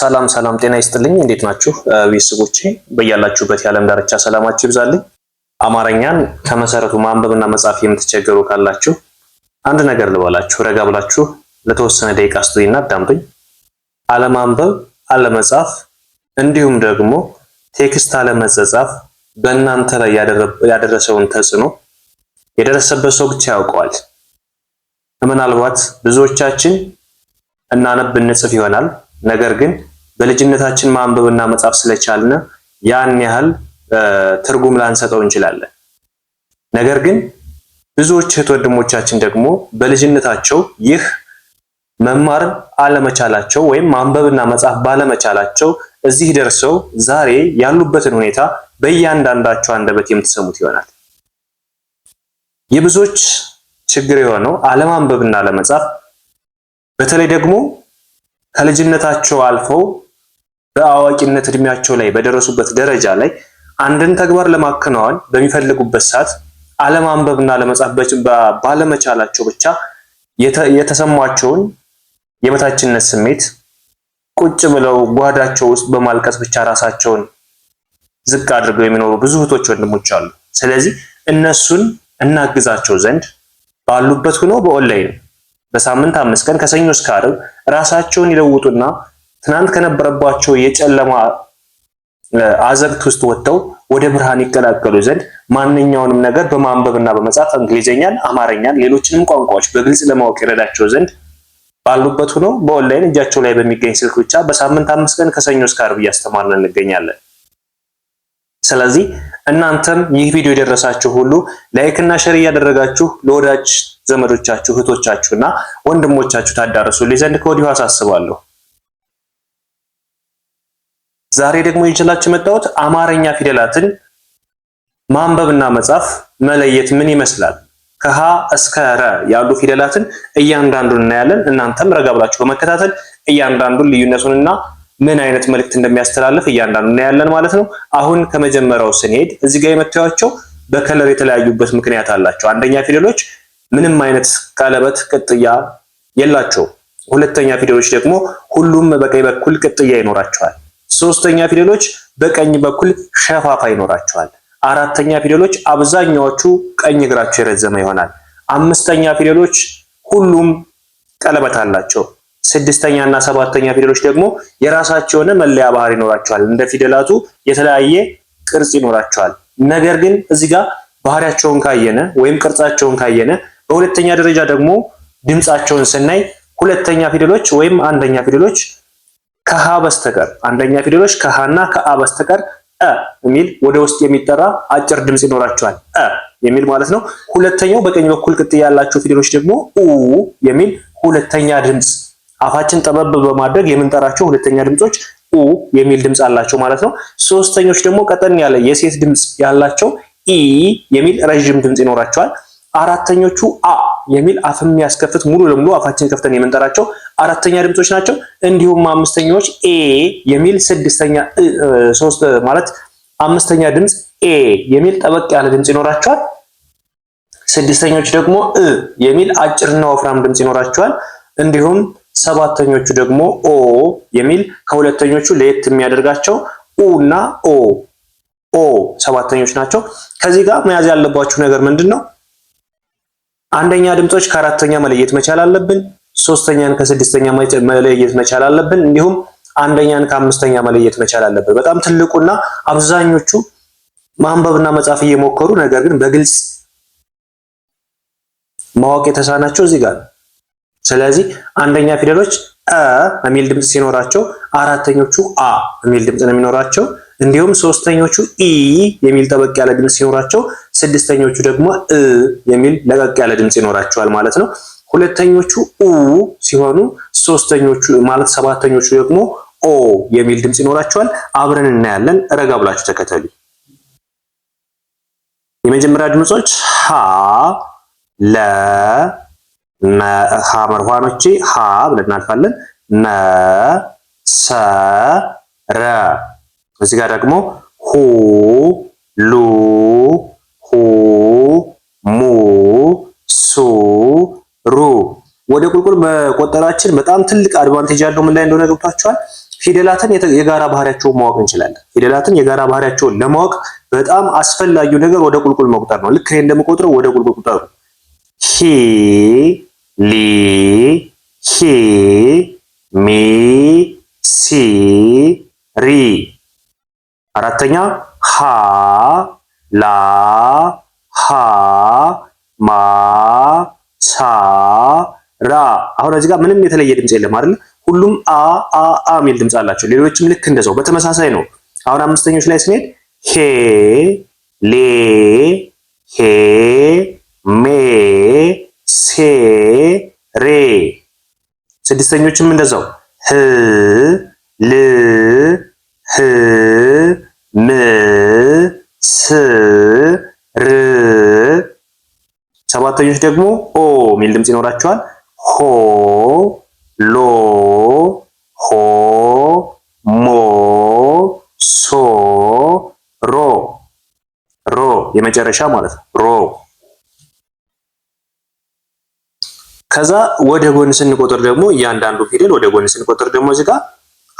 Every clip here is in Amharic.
ሰላም ሰላም፣ ጤና ይስጥልኝ። እንዴት ናችሁ ቤተሰቦቼ? በያላችሁበት የዓለም ዳርቻ ሰላማችሁ ይብዛልኝ። አማርኛን ከመሰረቱ ማንበብና መጻፍ የምትቸገሩ ካላችሁ አንድ ነገር ልበላችሁ። ረጋ ብላችሁ ለተወሰነ ደቂቃ ስቱዲና አዳምጡኝ። አለማንበብ፣ አለመጻፍ እንዲሁም ደግሞ ቴክስት አለመጸጻፍ በእናንተ ላይ ያደረሰውን ተጽዕኖ የደረሰበት ሰው ብቻ ያውቀዋል። ምናልባት ብዙዎቻችን እናነብ እንጽፍ ይሆናል ነገር ግን በልጅነታችን ማንበብና መጻፍ ስለቻልን ያን ያህል ትርጉም ላንሰጠው እንችላለን። ነገር ግን ብዙዎች እህት ወንድሞቻችን ደግሞ በልጅነታቸው ይህ መማር አለመቻላቸው ወይም ማንበብና መጻፍ ባለመቻላቸው እዚህ ደርሰው ዛሬ ያሉበትን ሁኔታ በእያንዳንዳቸው አንደበት የምትሰሙት ይሆናል። የብዙዎች ችግር የሆነው አለማንበብና አለመጻፍ በተለይ ደግሞ ከልጅነታቸው አልፈው በአዋቂነት እድሜያቸው ላይ በደረሱበት ደረጃ ላይ አንድን ተግባር ለማከናወን በሚፈልጉበት ሰዓት አለማንበብና ለመጻፍ ባለመቻላቸው ብቻ የተሰሟቸውን የበታችነት ስሜት ቁጭ ብለው ጓዳቸው ውስጥ በማልቀስ ብቻ ራሳቸውን ዝቅ አድርገው የሚኖሩ ብዙ እህቶች ወንድሞች አሉ። ስለዚህ እነሱን እናግዛቸው ዘንድ ባሉበት ሆኖ በኦንላይን በሳምንት አምስት ቀን ከሰኞ እስከ ዓርብ ራሳቸውን ይለውጡና ትናንት ከነበረባቸው የጨለማ አዘቅት ውስጥ ወጥተው ወደ ብርሃን ይቀላቀሉ ዘንድ ማንኛውንም ነገር በማንበብና በመጻፍ እንግሊዝኛን፣ አማርኛን፣ ሌሎችንም ቋንቋዎች በግልጽ ለማወቅ ይረዳቸው ዘንድ ባሉበት ሆኖ በኦንላይን እጃቸው ላይ በሚገኝ ስልክ ብቻ በሳምንት አምስት ቀን ከሰኞ እስከ ዓርብ እያስተማርን እንገኛለን። ስለዚህ እናንተም ይህ ቪዲዮ የደረሳችሁ ሁሉ ላይክ እና ሸር እያደረጋችሁ ለወዳጅ ዘመዶቻችሁ እህቶቻችሁና ወንድሞቻችሁ ታዳረሱልኝ ዘንድ ከወዲሁ አሳስባለሁ። ዛሬ ደግሞ ይዤላችሁ የመጣሁት አማርኛ ፊደላትን ማንበብና መጻፍ መለየት ምን ይመስላል፣ ከሀ እስከ ረ ያሉ ፊደላትን እያንዳንዱን እናያለን። እናንተም ረጋ ብላችሁ በመከታተል እያንዳንዱን ልዩነቱንና ምን አይነት መልእክት እንደሚያስተላልፍ እያንዳንዱ እናያለን ማለት ነው። አሁን ከመጀመሪያው ስንሄድ እዚህ ጋር የምታዩቸው በከለር የተለያዩበት ምክንያት አላቸው። አንደኛ ፊደሎች ምንም አይነት ቀለበት ቅጥያ የላቸው ሁለተኛ ፊደሎች ደግሞ ሁሉም በቀኝ በኩል ቅጥያ ይኖራቸዋል። ሶስተኛ ፊደሎች በቀኝ በኩል ሸፋፋ ይኖራቸዋል። አራተኛ ፊደሎች አብዛኛዎቹ ቀኝ እግራቸው የረዘመ ይሆናል። አምስተኛ ፊደሎች ሁሉም ቀለበት አላቸው። ስድስተኛ እና ሰባተኛ ፊደሎች ደግሞ የራሳቸው የሆነ መለያ ባህሪ ይኖራቸዋል። እንደ ፊደላቱ የተለያየ ቅርጽ ይኖራቸዋል። ነገር ግን እዚህ ጋር ባህሪያቸውን ካየነ ወይም ቅርጻቸውን ካየነ በሁለተኛ ደረጃ ደግሞ ድምፃቸውን ስናይ ሁለተኛ ፊደሎች ወይም አንደኛ ፊደሎች ከሀ በስተቀር አንደኛ ፊደሎች ከሃና ከአ በስተቀር እ የሚል ወደ ውስጥ የሚጠራ አጭር ድምፅ ይኖራቸዋል። እ የሚል ማለት ነው። ሁለተኛው በቀኝ በኩል ቅጥያ ያላቸው ፊደሎች ደግሞ ኡ የሚል ሁለተኛ ድምፅ አፋችን ጠበብ በማድረግ የምንጠራቸው ሁለተኛ ድምጾች ኡ የሚል ድምጽ አላቸው ማለት ነው። ሶስተኞች ደግሞ ቀጠን ያለ የሴት ድምፅ ያላቸው ኢ የሚል ረዥም ድምፅ ይኖራቸዋል። አራተኞቹ አ የሚል አፍ የሚያስከፍት ሙሉ ለሙሉ አፋችን ከፍተን የምንጠራቸው አራተኛ ድምጾች ናቸው። እንዲሁም አምስተኛዎች ኤ የሚል ስድስተኛ ሶስት ማለት አምስተኛ ድምጽ ኤ የሚል ጠበቅ ያለ ድምጽ ይኖራቸዋል። ስድስተኞቹ ደግሞ እ የሚል አጭርና ወፍራም ድምጽ ይኖራቸዋል። እንዲሁም ሰባተኞቹ ደግሞ ኦ የሚል ከሁለተኞቹ ለየት የሚያደርጋቸው ኡ እና ኦ ኦ ሰባተኞች ናቸው። ከዚህ ጋር መያዝ ያለባችሁ ነገር ምንድን ነው? አንደኛ ድምጾች ከአራተኛ መለየት መቻል አለብን። ሶስተኛን ከስድስተኛ መለየት መቻል አለብን። እንዲሁም አንደኛን ከአምስተኛ መለየት መቻል አለብን። በጣም ትልቁና አብዛኞቹ ማንበብና መጻፍ እየሞከሩ ነገር ግን በግልጽ ማወቅ የተሳናቸው እዚህ ጋር ነው። ስለዚህ አንደኛ ፊደሎች አ የሚል ድምፅ ሲኖራቸው፣ አራተኞቹ አ የሚል ድምጽ ነው የሚኖራቸው። እንዲሁም ሶስተኞቹ ኢ የሚል ጠበቅ ያለ ድምጽ ሲኖራቸው፣ ስድስተኞቹ ደግሞ እ የሚል ለቀቅ ያለ ድምፅ ይኖራቸዋል ማለት ነው። ሁለተኞቹ ኡ ሲሆኑ ሶስተኞቹ ማለት ሰባተኞቹ ደግሞ ኦ የሚል ድምጽ ይኖራቸዋል። አብረን እናያለን። ረጋ ብላችሁ ተከተሉ። የመጀመሪያ ድምጾች ሀ ለ ሀ መርኋኖቼ ሀ ብለን እናልፋለን። መ ሰ ረ እዚህ ጋር ደግሞ ሁ ሉ ሁ ሙ ሱ ሩ ወደ ቁልቁል መቆጠራችን በጣም ትልቅ አድቫንቴጅ ያለው ምን ላይ እንደሆነ ገብቷችኋል። ፊደላትን የጋራ ባህሪያቸውን ማወቅ እንችላለን። ፊደላትን የጋራ ባህሪያቸውን ለማወቅ በጣም አስፈላጊው ነገር ወደ ቁልቁል መቁጠር ነው። ልክ እኔ እንደምቆጥረው ወደ ቁልቁል ቁጠሩ። ሂ ሊ ሂ ሚ ሲ ሪ አራተኛ ሀ ላ ሀ ማ ሳ ራ። አሁን እዚህ ጋር ምንም የተለየ ድምፅ የለም አይደል? ሁሉም አ አ አ የሚል ድምፅ አላቸው። ሌሎችም ልክ እንደዛው በተመሳሳይ ነው። አሁን አምስተኞች ላይ ስንሄድ ሄ ሌ ሄ ሜ ሴ ሬ። ስድስተኞችም እንደዛው ህ ል ህ ር ሰባተኞች ደግሞ ኦ የሚል ድምፅ ይኖራቸዋል። ሆ ሎ ሆ ሞ ሶ ሮ ሮ የመጨረሻ ማለት ነው። ሮ ከዛ ወደ ጎን ስንቆጥር ደግሞ እያንዳንዱ ፊደል ወደ ጎን ስንቆጥር ደግሞ እዚህ ጋር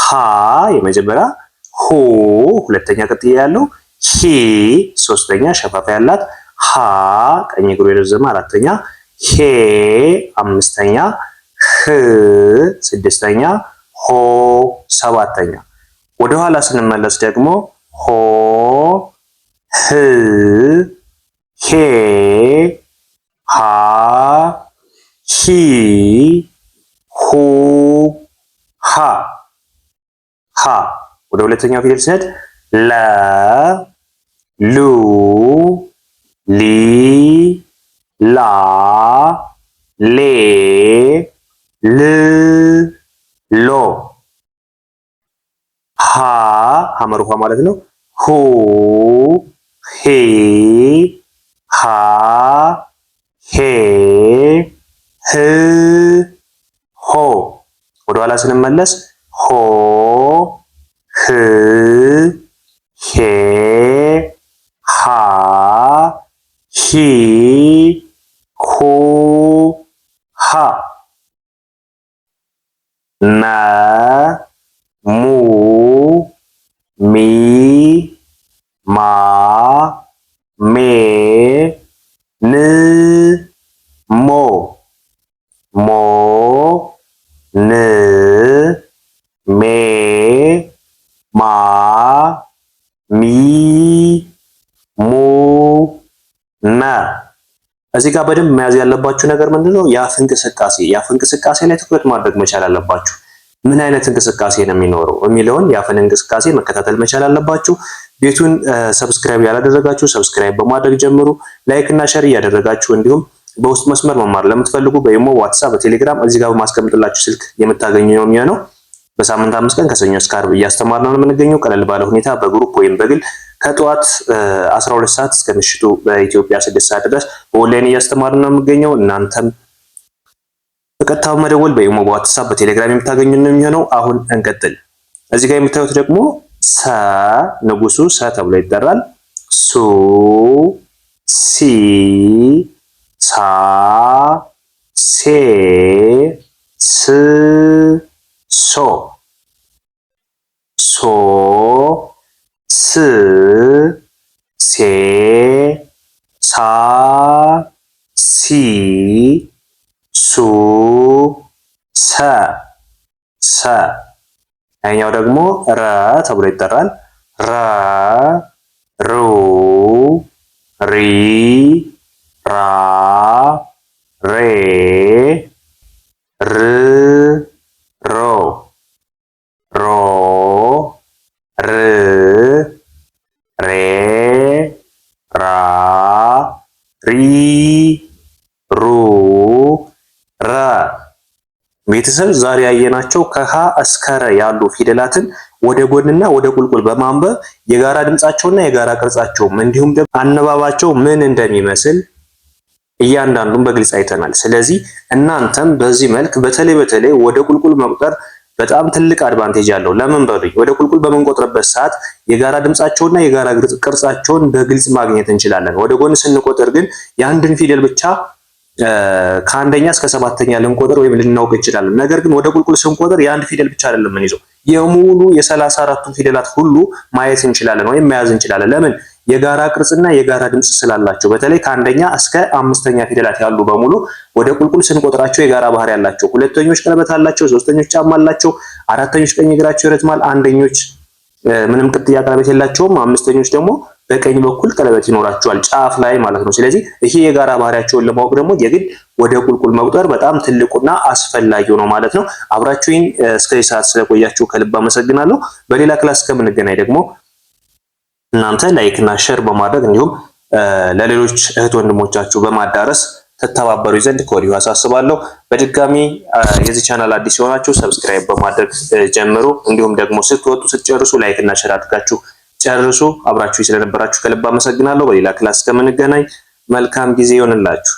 ሀ የመጀመሪያ ሁ ሁለተኛ ቅጥያ ያለው ሂ ሶስተኛ ሸፋፋ ያላት፣ ሀ ቀኝ እግሩ የረዘመ አራተኛ፣ ሄ አምስተኛ፣ ህ ስድስተኛ፣ ሆ ሰባተኛ። ወደኋላ ስንመለስ ደግሞ ሆ ህ ሄ ሃ ሂ ሁ ሀ ሀ ወደ ሁለተኛው ፊደል ስንሄድ ለ ሉ ሊ ላ ሌ ል ሎ ሀ ሀመርኳ ማለት ነው። ሁ ሂ ሃ ሄ ህ ሆ ወደኋላ ስንመለስ ሆ ህ ሙ ሚ ማ ሜ ን ሞ ሞ ን ሜ ማ ሚ ሙ ነ እዚህ ጋር በደንብ መያዝ ያለባችሁ ነገር ምንድነው? የአፍ እንቅስቃሴ የአፍ እንቅስቃሴ ላይ ትኩረት ማድረግ መቻል አለባችሁ። ምን አይነት እንቅስቃሴ ነው የሚኖረው የሚለውን የአፈን እንቅስቃሴ መከታተል መቻል አለባችሁ። ቤቱን ሰብስክራይብ ያላደረጋችሁ ሰብስክራይብ በማድረግ ጀምሩ። ላይክ እና ሸር እያደረጋችሁ እንዲሁም በውስጥ መስመር መማር ለምትፈልጉ በኢሞ፣ ዋትሳፕ፣ በቴሌግራም እዚህ ጋር በማስቀምጥላችሁ ስልክ የምታገኙ ነው የሚሆነው። በሳምንት አምስት ቀን ከሰኞ እስከ ዓርብ እያስተማርን ነው የምንገኘው ቀለል ባለ ሁኔታ በግሩፕ ወይም በግል ከጠዋት 12 ሰዓት እስከ ምሽቱ በኢትዮጵያ ስድስት ሰዓት ድረስ በኦንላይን እያስተማርን ነው የምገኘው እናንተም በቀጥታ መደወል በኢሞ በዋትሳፕ በቴሌግራም የምታገኙ ነው የሚሆነው። አሁን እንቀጥል። እዚህ ጋር የምታዩት ደግሞ ሰ ንጉሱ ሰ ተብሎ ይጠራል። ሱ ሲ ሳ ሴ ስ ሶ ሶ ስ ሴ ሳ ሲ ሱ ሰ ያኛው ደግሞ ረ ተብሎ ይጠራል። ረ ሩ ሪ ራ ሬ ር ቤተሰብ ዛሬ ያየናቸው ከሀ እስከ ረ ያሉ ፊደላትን ወደ ጎንና ወደ ቁልቁል በማንበብ የጋራ ድምጻቸውና የጋራ ቅርጻቸውም እንዲሁም ደግሞ አነባባቸው ምን እንደሚመስል እያንዳንዱን በግልጽ አይተናል። ስለዚህ እናንተም በዚህ መልክ በተለይ በተለይ ወደ ቁልቁል መቁጠር በጣም ትልቅ አድቫንቴጅ አለው። ለምን በሉኝ፣ ወደ ቁልቁል በምንቆጥርበት ሰዓት የጋራ ድምጻቸውና የጋራ ቅርጻቸውን በግልጽ ማግኘት እንችላለን። ወደ ጎን ስንቆጥር ግን የአንድን ፊደል ብቻ ከአንደኛ እስከ ሰባተኛ ልንቆጥር ወይም ልናውቅ እንችላለን። ነገር ግን ወደ ቁልቁል ስንቆጥር የአንድ ፊደል ብቻ አይደለም የምንይዘው የሙሉ የሰላሳ አራቱን ፊደላት ሁሉ ማየት እንችላለን ወይም መያዝ እንችላለን። ለምን? የጋራ ቅርጽና የጋራ ድምፅ ስላላቸው በተለይ ከአንደኛ እስከ አምስተኛ ፊደላት ያሉ በሙሉ ወደ ቁልቁል ስንቆጥራቸው የጋራ ባህሪ ያላቸው፣ ሁለተኞች ቀለበት አላቸው፣ ሶስተኞች ጫማ አላቸው፣ አራተኞች ቀኝ እግራቸው ይረትማል፣ አንደኞች ምንም ቅጥያ ቀለበት የላቸውም፣ አምስተኞች ደግሞ በቀኝ በኩል ቀለበት ይኖራቸዋል፣ ጫፍ ላይ ማለት ነው። ስለዚህ ይሄ የጋራ ባህሪያቸውን ለማወቅ ደግሞ የግድ ወደ ቁልቁል መቁጠር በጣም ትልቁና አስፈላጊው ነው ማለት ነው። አብራችሁኝ እስከዚህ ሰዓት ስለቆያችሁ ከልብ አመሰግናለሁ። በሌላ ክላስ ከምንገናኝ ደግሞ እናንተ ላይክ እና ሼር በማድረግ እንዲሁም ለሌሎች እህት ወንድሞቻችሁ በማዳረስ ተተባበሩ ዘንድ ከወዲሁ አሳስባለሁ። በድጋሚ የዚህ ቻናል አዲስ የሆናችሁ ሰብስክራይብ በማድረግ ጀምሩ። እንዲሁም ደግሞ ስትወጡ ስትጨርሱ ላይክ እና ሼር አድርጋችሁ ጨርሱ። አብራችሁ ስለነበራችሁ ከልብ አመሰግናለሁ። በሌላ ክላስ ከምንገናኝ መልካም ጊዜ ይሆንላችሁ።